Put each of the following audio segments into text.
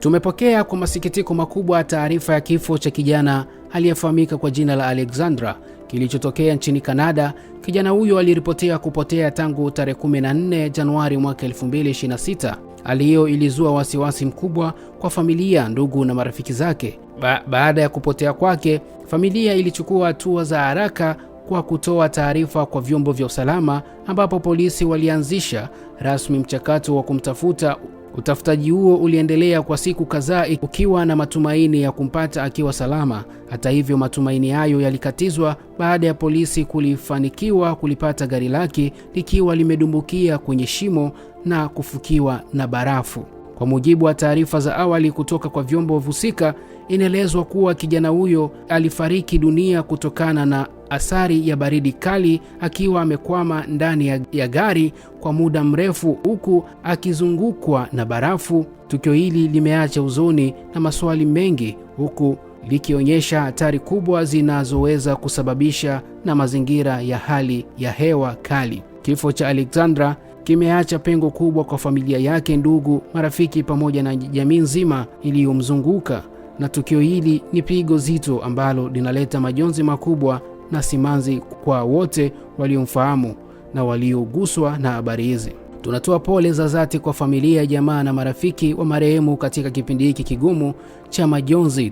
Tumepokea kwa masikitiko makubwa taarifa ya kifo cha kijana aliyefahamika kwa jina la Alexandra kilichotokea nchini Kanada. Kijana huyo aliripotea kupotea tangu tarehe 14 Januari mwaka 2026. Hali hiyo ilizua wasiwasi mkubwa kwa familia, ndugu na marafiki zake. Ba baada ya kupotea kwake, familia ilichukua hatua za haraka kwa kutoa taarifa kwa vyombo vya usalama, ambapo polisi walianzisha rasmi mchakato wa kumtafuta Utafutaji huo uliendelea kwa siku kadhaa ukiwa na matumaini ya kumpata akiwa salama. Hata hivyo, matumaini hayo yalikatizwa baada ya polisi kulifanikiwa kulipata gari lake likiwa limedumbukia kwenye shimo na kufukiwa na barafu. Kwa mujibu wa taarifa za awali kutoka kwa vyombo husika, inaelezwa kuwa kijana huyo alifariki dunia kutokana na athari ya baridi kali akiwa amekwama ndani ya, ya gari kwa muda mrefu huku akizungukwa na barafu. Tukio hili limeacha huzuni na maswali mengi huku likionyesha hatari kubwa zinazoweza kusababisha na mazingira ya hali ya hewa kali. Kifo cha Alexandra kimeacha pengo kubwa kwa familia yake, ndugu, marafiki pamoja na jamii nzima iliyomzunguka, na tukio hili ni pigo zito ambalo linaleta majonzi makubwa na simanzi kwa wote waliomfahamu na walioguswa na habari hizi. Tunatoa pole za dhati kwa familia, jamaa na marafiki wa marehemu katika kipindi hiki kigumu cha majonzi.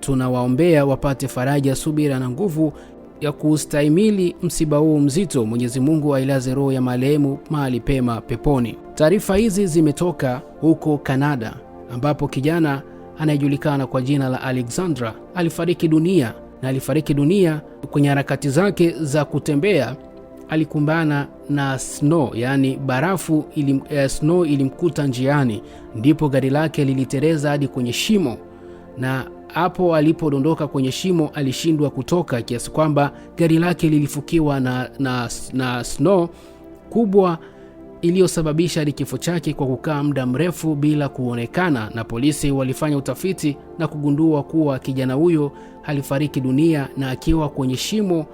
Tunawaombea tuna wapate faraja, subira na nguvu ya kustahimili msiba huu mzito. Mwenyezi Mungu ailaze roho ya marehemu mahali pema peponi. Taarifa hizi zimetoka huko Kanada ambapo kijana anayejulikana kwa jina la Alexandra alifariki dunia na alifariki dunia kwenye harakati zake za kutembea. Alikumbana na snow, yaani barafu ilim, eh, snow ilimkuta njiani, ndipo gari lake lilitereza hadi kwenye shimo, na hapo alipodondoka kwenye shimo alishindwa kutoka, kiasi kwamba gari lake lilifukiwa na, na, na snow kubwa iliyosababisha hadi kifo chake kwa kukaa muda mrefu bila kuonekana, na polisi walifanya utafiti na kugundua kuwa kijana huyo alifariki dunia na akiwa kwenye shimo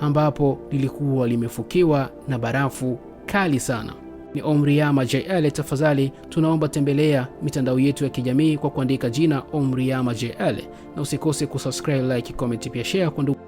ambapo lilikuwa limefukiwa na barafu kali sana. Ni Yama JL. Tafadhali tunaomba tembelea mitandao yetu ya kijamii kwa kuandika jina Yama JL, na usikose kusubscribe, like, comment pia share kwa ndugu